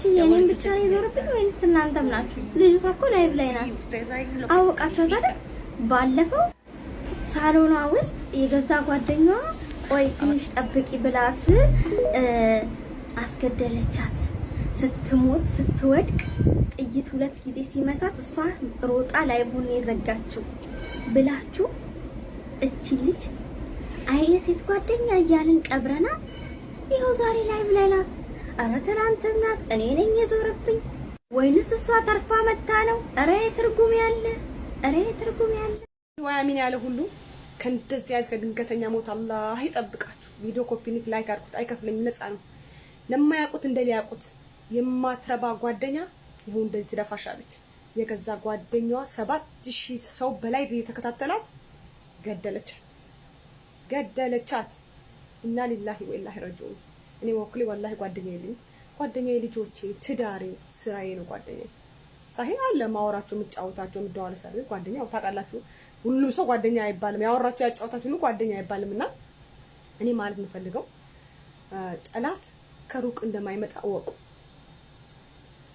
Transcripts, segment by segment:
አንቺ የኔን ብቻ ነው የዞረብኝ ወይንስ እናንተም ናችሁ? ልጅቷ እኮ ላይቭ ላይ ናት። አወቃችኋት አይደል? ባለፈው ሳሎኗ ውስጥ የገዛ ጓደኛዋ ቆይ ትንሽ ጠብቂ ብላት አስገደለቻት። ስትሞት ስትወድቅ ጥይት ሁለት ጊዜ ሲመታት እሷ ሮጣ ላይቡን የዘጋችው ብላችሁ እቺ ልጅ አይለ ሴት ጓደኛ እያልን ቀብረናት ይኸው ዛሬ ላይቭ ላይ ናት። ኧረ ትናንትና እኔ ነኝ የዞረብኝ ወይንስ እሷ ተርፋ መታ ነው? አረ የትርጉም ያለ አረ የትርጉም ያለ ወያሚን ያለ ሁሉ ከእንደዚህ አይነት ከድንገተኛ ሞት አላህ ይጠብቃችሁ። ቪዲዮ ኮፒኒክ ላይክ አድርጉት፣ አይከፍለኝም፣ ነፃ ነው። ለማያውቁት እንደሊያውቁት የማትረባ ጓደኛ ይሁን እንደዚህ ትደፋሻለች። የገዛ ጓደኛዋ ሰባት ሺህ ሰው በላይ የተከታተላት ገደለቻት፣ ገደለቻት። እና ሊላሂ ወኢላሂ ረጂዑን እኔ ወክሌ ወላሂ ጓደኛ የለኝ። ጓደኛ ልጆቼ፣ ትዳሬ፣ ስራዬ ነው ጓደኛ። ሳሂ አለ ማወራቸው፣ የምጫወታቸው፣ የምደዋለው ሰር ጓደኛ ታውቃላችሁ። ሁሉም ሰው ጓደኛ አይባልም። ያወራችሁ ያጫወታችሁ ሁሉ ጓደኛ አይባልም። እና እኔ ማለት የምፈልገው ጠላት ከሩቅ እንደማይመጣ እወቁ።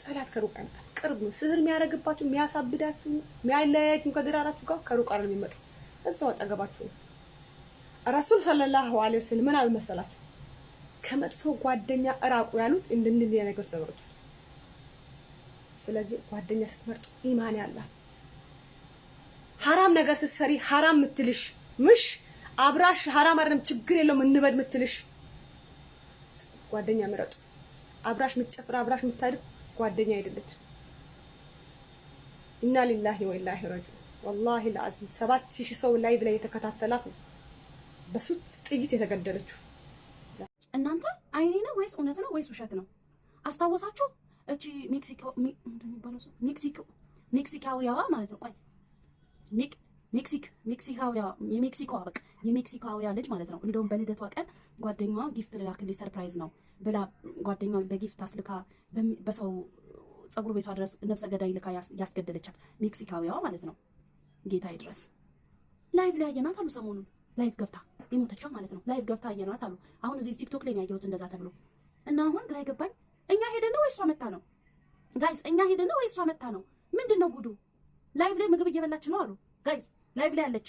ጠላት ከሩቅ አይመጣም፣ ቅርብ ነው። ስህር የሚያደርግባችሁ የሚያሳብዳችሁ፣ የሚያለያያችሁ ከግራራችሁ ጋር ከሩቅ አይደለም የሚመጣው፣ እዛው አጠገባችሁ ነው። ረሱል ሰለላሁ ዐለይሂ ወሰለም ምን አልመሰላችሁ? ከመጥፎ ጓደኛ እራቁ ያሉት እንድንል ነገሮች ነገሮች። ስለዚህ ጓደኛ ስትመርጡ ኢማን ያላት ሀራም ነገር ስትሰሪ ሀራም ምትልሽ ምሽ አብራሽ ሀራም አይደለም ችግር የለውም እንበል ምትልሽ ጓደኛ ምረጡ። አብራሽ ምትጨፍር አብራሽ ምታድር ጓደኛ አይደለች። ኢና ሊላሂ ወኢላሂ ራጂዑን ወላሂ ለአዝም ሰባት ሺህ ሰው ላይ ላይ የተከታተላት ነው በሱት ጥይት የተገደለችው። ለእናንተ አይኔ ነው ወይስ እውነት ነው ወይስ ውሸት ነው? አስታወሳችሁ? እቺ ሜክሲኮ ሜክሲካዊያዋ ማለት ነው። ቆይ ሜክሲክ ሜክሲካዊያ የሜክሲኮ በቃ የሜክሲካዊያ ልጅ ማለት ነው። እንደውም በልደቷ ቀን ጓደኛዋ ጊፍት ልላክልኝ ሰርፕራይዝ ነው ብላ ጓደኛዋ በጊፍት አስልካ በሰው ፀጉር ቤቷ ድረስ ነፍሰ ገዳይ ልካ ያስገደለቻት ሜክሲካዊያዋ ማለት ነው። ጌታዬ ድረስ ላይቭ ላይ ያየናት አሉ ሰሞኑን ላይቭ ገብታ የሞተችው ማለት ነው። ላይቭ ገብታ አየናት አሉ። አሁን እዚህ ቲክቶክ ላይ ያየሁት እንደዛ ተብሎ እና አሁን ግራ ይገባኝ። እኛ ሄደ ነው ወይ እሷ መታ ነው? ጋይስ እኛ ሄደን ነው ወይ እሷ መታ ነው? ምንድን ነው ጉዱ? ላይቭ ላይ ምግብ እየበላች ነው አሉ። ጋይስ ላይቭ ላይ ያለች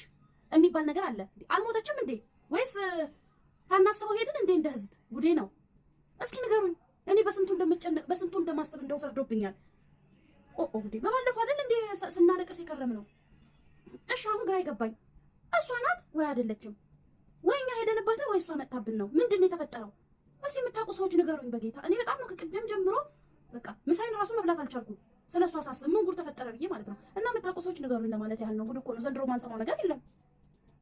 የሚባል ነገር አለ። አልሞተችም እንዴ? ወይስ ሳናስበው ሄድን እንዴ? እንደ ህዝብ ጉዴ ነው። እስኪ ንገሩኝ። እኔ በስንቱ እንደምጨነቅ በስንቱ እንደማስብ እንደው ፈርዶብኛል። ኦ ኦ በባለፈው አይደል እንዴ ስናለቅስ የከረም ነው። እሺ አሁን ግራ ይገባኝ። እሷ ናት ወይ አይደለችም? ሄደንባት ነው ወይስ እሷ መጣብን ነው? ምንድን ነው የተፈጠረው? እስኪ የምታውቁ ሰዎች ንገሩኝ በጌታ። እኔ በጣም ነው ከቅድም ጀምሮ በቃ ምሳዬን ራሱ መብላት አልቻልኩም። ስለ እሷ ሳስብ ምን ጉድ ተፈጠረ ብዬ ማለት ነው። እና የምታውቁ ሰዎች ንገሩኝ ለማለት ያህል ነው። ጉድ እኮ ነው ዘንድሮ ማንሰማው ነገር የለም።